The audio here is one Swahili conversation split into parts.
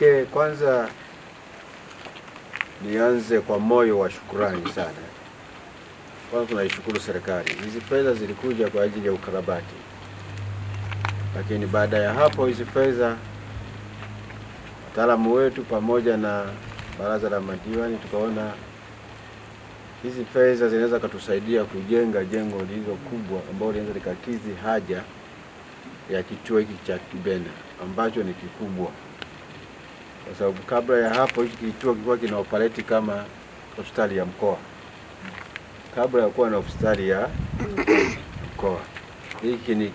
Mke, kwanza nianze kwa moyo wa shukurani sana. Kwanza tunaishukuru serikali, hizi fedha zilikuja kwa ajili ya ukarabati, lakini baada ya hapo hizi fedha wataalamu wetu pamoja na baraza la madiwani tukaona hizi fedha zinaweza katusaidia kujenga jengo lililo kubwa ambalo linaweza likakidhi haja ya kituo hiki cha Kibena ambacho ni kikubwa kwa sababu kabla ya hapo hiki kituo kilikuwa kina operate kama hospitali ya mkoa, kabla ya kuwa na hospitali ya mkoa. Hiki ni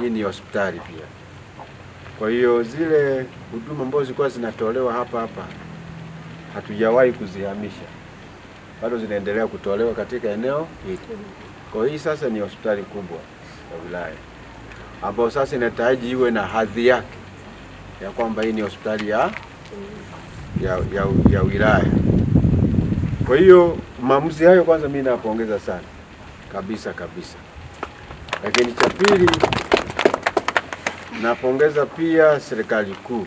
hii ni hospitali pia. Kwa hiyo zile huduma ambazo zilikuwa zinatolewa hapa hapa hatujawahi kuzihamisha, bado zinaendelea kutolewa katika eneo hili. Kwa hii sasa ni hospitali kubwa ya wilaya ambayo sasa inahitaji iwe na hadhi yake ya kwamba hii ni hospitali ya ya, ya, ya wilaya. Kwa hiyo maamuzi hayo kwanza mimi napongeza sana kabisa kabisa, lakini cha pili napongeza pia serikali kuu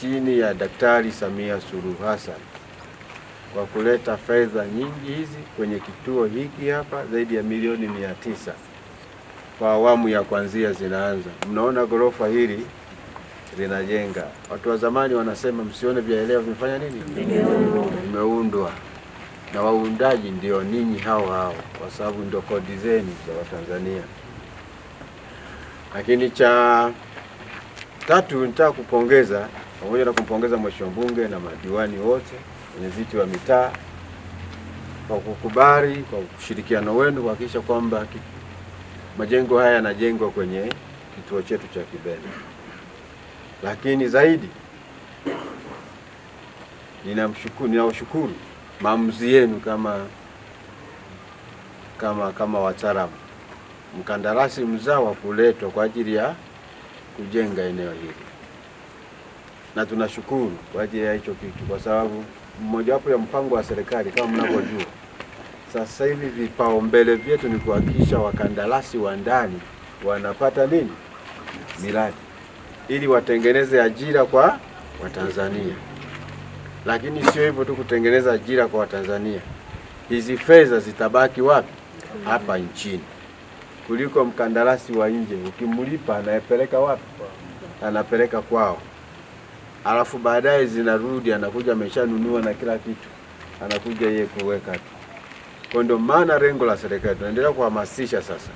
chini ya Daktari Samia Suluhu Hassan kwa kuleta fedha nyingi hizi kwenye kituo hiki hapa zaidi ya milioni mia tisa kwa awamu ya kwanzia zinaanza. Mnaona ghorofa hili linajenga. Watu wa zamani wanasema msione vyaelewa vimefanya nini, vimeundwa na waundaji ndio ninyi hao hao, kwa sababu ndio kodi zenu za Watanzania. Lakini cha tatu nitaka kupongeza, pamoja na kumpongeza mheshimiwa mbunge na madiwani wote, viti wa mitaa kwa kukubali, kwa ushirikiano wenu kuhakikisha kwamba majengo haya yanajengwa kwenye kituo chetu cha Kibena. Lakini zaidi ninamshukuru, ninaushukuru maamuzi yenu kama kama kama wataalamu, mkandarasi mzawa kuletwa kwa ajili ya kujenga eneo hili, na tunashukuru kwa ajili ya hicho kitu, kwa sababu mmojawapo ya mpango wa serikali kama mnavyojua sasa hivi vipaumbele vyetu ni kuhakikisha wakandarasi wa ndani wanapata nini miradi ili watengeneze ajira kwa Watanzania. Lakini sio hivyo tu kutengeneza ajira kwa Watanzania, hizi fedha zitabaki wapi? Hapa nchini, kuliko mkandarasi wa nje ukimlipa, anayepeleka wapi? Anapeleka kwao, alafu baadaye zinarudi, anakuja ameshanunua na kila kitu, anakuja yeye kuweka tu. Kwa ndio maana lengo la serikali tunaendelea kuhamasisha sasa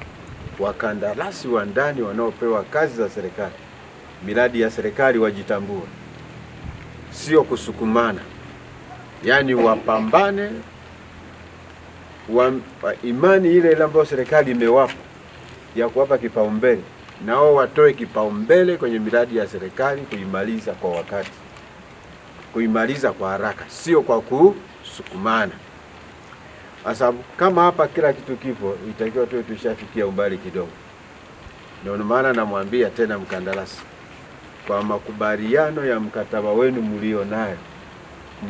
wakandarasi wa ndani wanaopewa kazi za serikali miradi ya serikali wajitambue, sio kusukumana, yaani wapambane wa imani ile ile ambayo serikali imewapa ya kuwapa kipaumbele, nao watoe kipaumbele kwenye miradi ya serikali kuimaliza kwa wakati, kuimaliza kwa haraka, sio kwa kusukumana. Asabu, kama hapa kila kitu kipo, itakiwa tuwe tushafikia umbali kidogo. Ndio maana namwambia tena mkandarasi kwa makubaliano ya mkataba wenu mlio nayo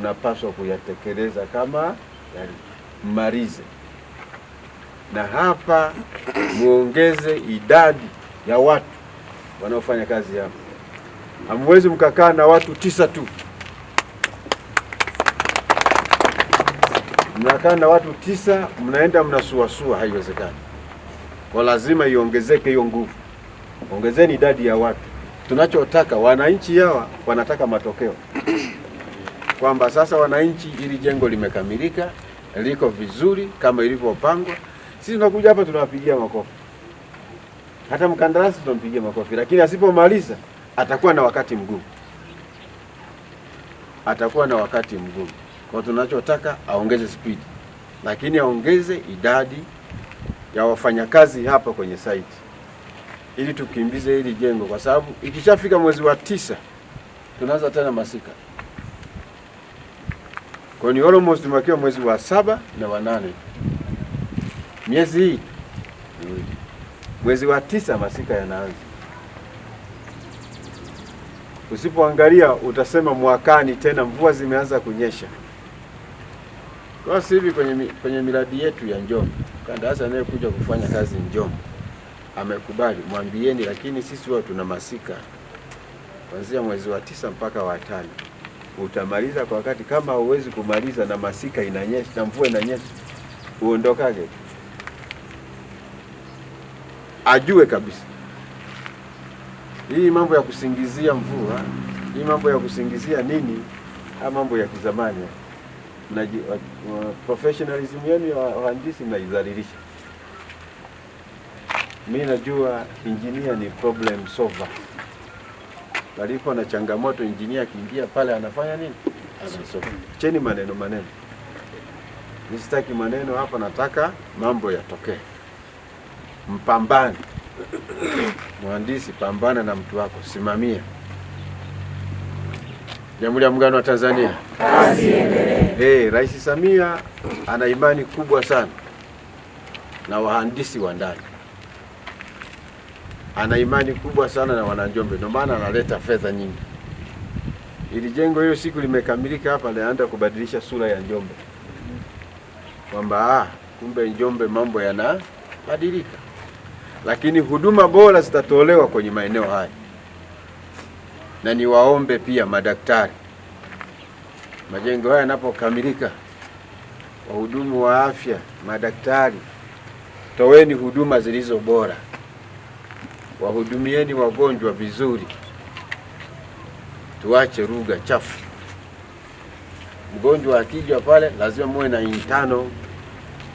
mnapaswa kuyatekeleza kama mmalize, na hapa muongeze idadi ya watu wanaofanya kazi hapa. Hamwezi mkakaa na watu tisa tu, mnakaa na watu tisa, mnaenda mnasuasua, haiwezekani. Kwa lazima iongezeke hiyo nguvu, ongezeni idadi ya watu. Tunachotaka wananchi hawa wanataka matokeo kwamba sasa wananchi, hili jengo limekamilika, liko vizuri kama ilivyopangwa. Sisi tunakuja hapa tunawapigia makofi, hata mkandarasi tunampigia makofi, lakini asipomaliza atakuwa na wakati mgumu, atakuwa na wakati mgumu. Kwa tunachotaka aongeze spidi, lakini aongeze idadi ya wafanyakazi hapa kwenye site ili tukimbize hili jengo, kwa sababu ikishafika mwezi wa tisa tunaanza tena masika. Kwa ni almost tumebakiwa mwezi wa saba na wa nane, miezi hii Mwezi wa tisa masika yanaanza, usipoangalia utasema mwakani tena mvua zimeanza kunyesha. Kwa sasa hivi kwenye, kwenye miradi yetu ya Njombe, kandarasi anayekuja kufanya kazi Njombe amekubali mwambieni, lakini sisi huwa tuna masika kuanzia mwezi wa tisa mpaka wa tano. Utamaliza kwa wakati, kama huwezi kumaliza na masika inanyesha na mvua inanyesha, uondokage. Ajue kabisa hii mambo ya kusingizia mvua, hii mambo ya kusingizia nini, haya mambo ya kizamani na professionalism yenu ya wahandisi mnaidhalilisha. Mi najua injinia ni problem solver. Palipo na changamoto, injinia akiingia pale anafanya nini? Anasolve. Cheni maneno maneno, nisitaki maneno hapa, nataka mambo yatokee. Mpambane mhandisi, pambana na mtu wako, simamia. Jamhuri ya Muungano wa Tanzania, kazi endelee. Hey, Rais Samia ana imani kubwa sana na wahandisi wa ndani ana imani kubwa sana na Wananjombe, ndio maana analeta fedha nyingi. Ili jengo hiyo siku limekamilika hapa, alianza kubadilisha sura ya Njombe kwamba ah, kumbe Njombe mambo yanabadilika, lakini huduma bora zitatolewa kwenye maeneo haya. Na niwaombe pia madaktari, majengo haya yanapokamilika, wahudumu wa afya, madaktari, toweni huduma zilizo bora wahudumieni wagonjwa vizuri, tuache lugha chafu. Mgonjwa akija pale, lazima muwe na intano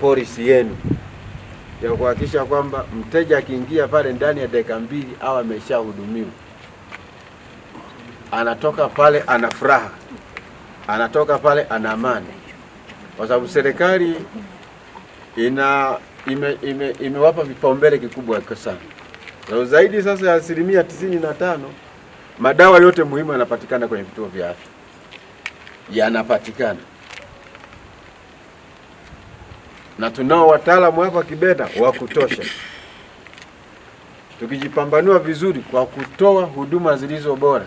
policy yenu ya kuhakikisha kwamba mteja akiingia pale ndani ya dakika mbili au ameshahudumiwa, anatoka pale ana furaha, anatoka pale ana amani, kwa sababu serikali ina imewapa ime, ime vipaumbele kikubwa sana na zaidi sasa ya asilimia tisini na tano madawa yote muhimu yanapatikana kwenye vituo vya afya, yanapatikana na tunao wataalamu hapa Kibena wa kutosha. Tukijipambanua vizuri kwa kutoa huduma zilizo bora,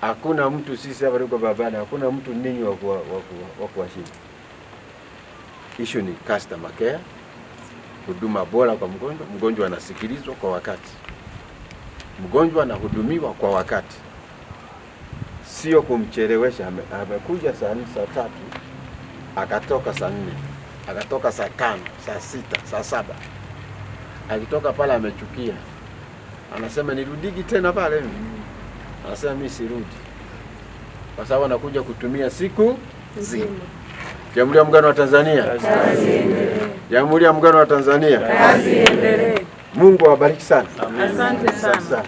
hakuna mtu sisi hapa tuko babana, hakuna mtu ninyi wa kuwashinda. Issue ni customer care huduma bora kwa mgonjwa. Mgonjwa anasikilizwa kwa wakati, mgonjwa anahudumiwa kwa wakati, sio kumchelewesha. Amekuja saa nne, saa tatu, akatoka saa nne, akatoka saa tano, saa sita, saa saba. Akitoka pale amechukia, anasema nirudiki tena pale, anasema mi sirudi, kwa sababu anakuja kutumia siku nzima. Jamhuri ya Muungano wa Tanzania. Jamhuri ya Muungano wa Tanzania. Kazi endelee. Mungu awabariki sana. Asante sana.